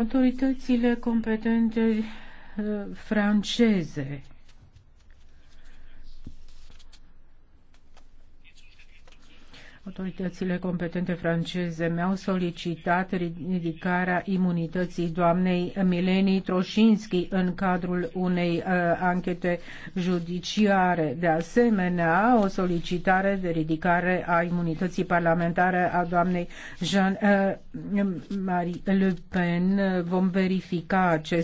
Autoritățile competente uh, franceze Autoritățile competente franceze mi-au solicitat ridicarea imunității doamnei Mileni Troșinski în cadrul unei uh, anchete judiciare. De asemenea, o solicitare de ridicare a imunității parlamentare a doamnei Jean-Marie uh, Le Pen. Vom verifica acest